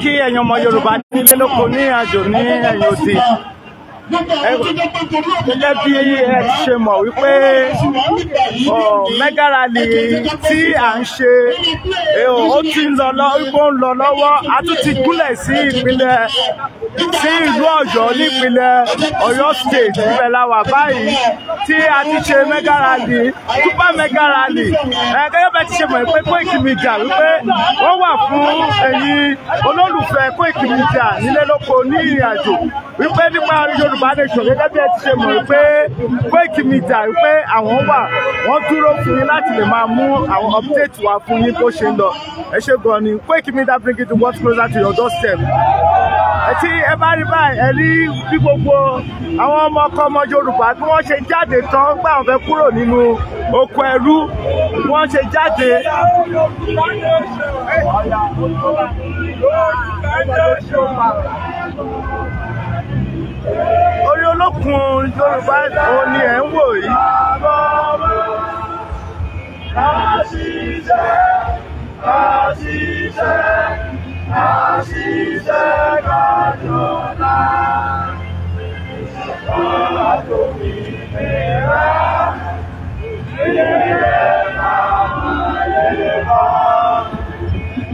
kí ẹ̀yin ọmọ Yorùbá nílé lóko ní àjò ní ẹ̀yìn òsì gẹ́gẹ́ bí ẹ ti ṣe mọ̀ wípé mega rally tí à ń ṣe ó ti ń lọ ó ń lọ lọ́wọ́ a tún ti gúnlẹ̀ sí ìpínlẹ̀ sí ìlú Ọ̀yọ́ nípínlẹ̀ Ọ̀yọ́ state ibẹ̀ la wà báyìí tí a ti ṣe mega rally super mega rally gẹ́gẹ́ bẹ́ẹ̀ ti ṣe mọ̀ pé Koiki Media wípé wọ́n wà fún ẹ̀yin olólùfẹ́ Koiki Media nílé lóko ní ìrìn àjò wípé nípa Yorùbá yorùbá nation gẹ́gẹ́ bí ẹ ti ṣe mọ̀ pé Koiki Media pé àwọn wà wọ́n dúró fún yín láti lè máa mú àwọn update wá fún yín bó ṣe ń lọ ẹ ṣe gan ni Koiki Media bring it the closer to your doorstep tí ẹ bá rí báyìí ẹ rí bí gbogbo àwọn ọmọ ọkọ ọmọ yorùbá bí wọ́n ṣe jáde tán gbà wọ́n fẹ́ kúrò nínú oko ẹrú bí ṣe jáde Thank you orí olókun yorùbá òun ni ẹ̀ ń wò yìí. àṣìṣe àṣìṣe àṣìṣe kàdúrà ìṣèjọba tó fi mìíràn.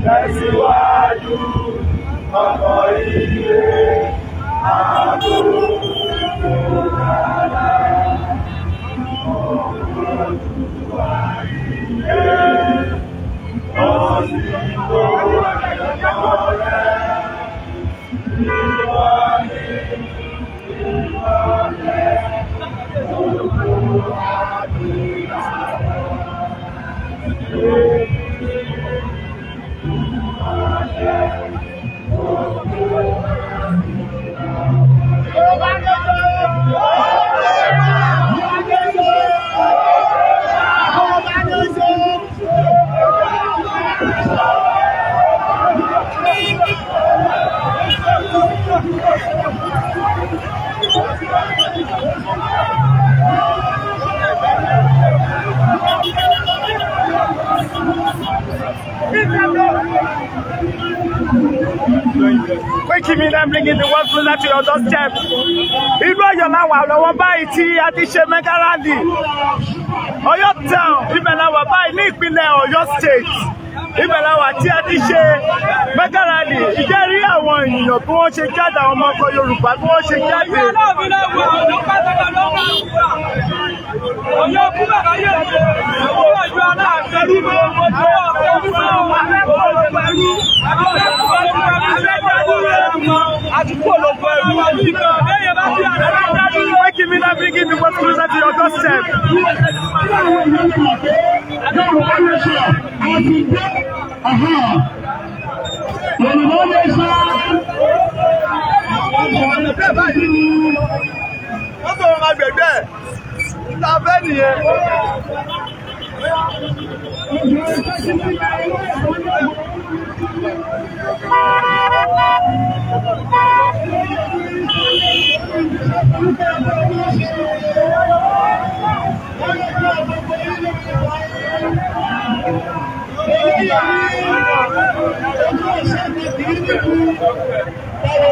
Tẹ̀síwájú ọkọ̀ ìgbé. Amém. Koiki Media bringing the world closer to your doorstep. Ìlú Ọ̀yọ́ la wà lọ́wọ́ báyìí tí a ti ṣe mega rally. your town ibẹ̀ la wà báyìí ní ìpínlẹ̀ Ọ̀yọ́ state. Ibẹ̀ la wà tí a ti ṣe mega rally. Ìjẹ́rí àwọn ènìyàn bí wọ́n ṣe jáde for your ọkọ̀ Yorùbá bí wọ́n ṣe jáde. Yorùbá lè sọ Thank you.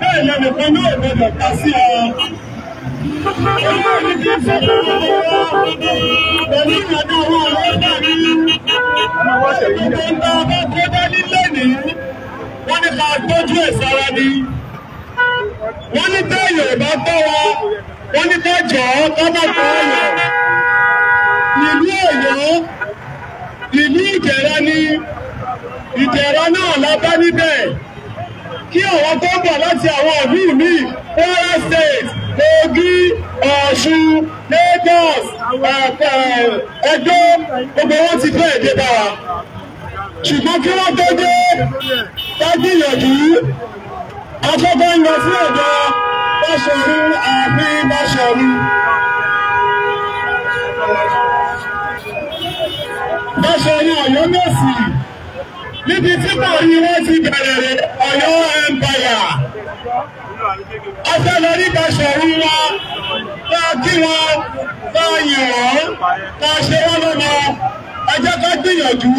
bẹ́ẹ̀ lẹ́nìkan náà gbọdọ̀ ká sí ọ. Olórí ti sọ̀rọ̀ lọ́wọ́ pẹ̀lú ìrànlọ́wọ́ ọ̀rọ̀ dàbí. Gbogbo ń bá ọba tó dání lónìí, wọ́n ní ká tọ́jú ẹ̀ sára ni. Wọ́n ní bẹ́ẹ̀ Yorùbá tọ́ wa, wọ́n ní ká jọ̀ ọ́ kọ́ má tọ́ ọ̀yọ̀. Ìlú Ọ̀yọ́, ìlú Ìjẹ̀rà ni, Ìjẹ̀rà náà la bá níbẹ̀ kí àwọn tó ń bọ̀ láti àwọn ìlú mi Kwara State Kogi Ọ̀ṣun Lagos Ẹdó gbogbo wọn ti fẹ́ẹ̀ dé bá wa ṣùgbọ́n kí wọ́n tó dé tágbìyànjú afọ́fọ́ ń lọ sí ọ̀dọ̀ Báṣọ̀run ààfin Báṣọ̀run. Báṣọ̀run Ọ̀yọ́ Mèsì níbi tí mò ń yí wọ́n ti bẹ̀rẹ̀ Ọ̀yọ́ ẹ̀mpáyà. ọ̀fẹ́ lọ nípa ṣọ̀run wọn tá a kí wọn tá a yìn wọ́n tá a ṣe wọ́n lọ́nà ẹ jẹ́ ká gbìyànjú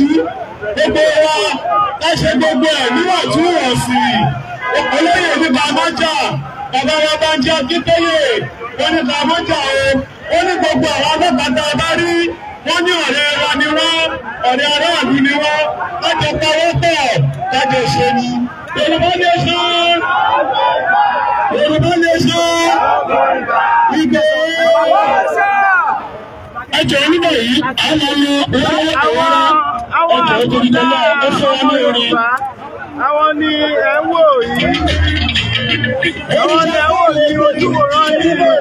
gbogbo wa ká ṣe gbogbo ẹ̀ níwọ̀ntúnwọ̀nsì olóyè nípa májà bàbá wa bá ń jẹ́ akíntóyè onípa májà o ó ní gbogbo àwọn ọlọ́pàá tá a bá rí wọ́n ní ọ̀rẹ́ wa ni wọ́n ọ̀rẹ́ aráàlú ni wọ́n lájọ pawọ́ pọ̀ lájọ ṣe ni. Yorùbá nation Yorùbá nation Ìgbò ẹjọ́ onímọ̀ yìí àwọn ọmọ owó ẹ̀rọ ọjọ́ ògùnkàn náà ó fún wa ní orin. Àwọn ni ẹ̀ ń wò yìí. Àwọn ni ẹ̀ ń wò yìí ojú wòran yìí.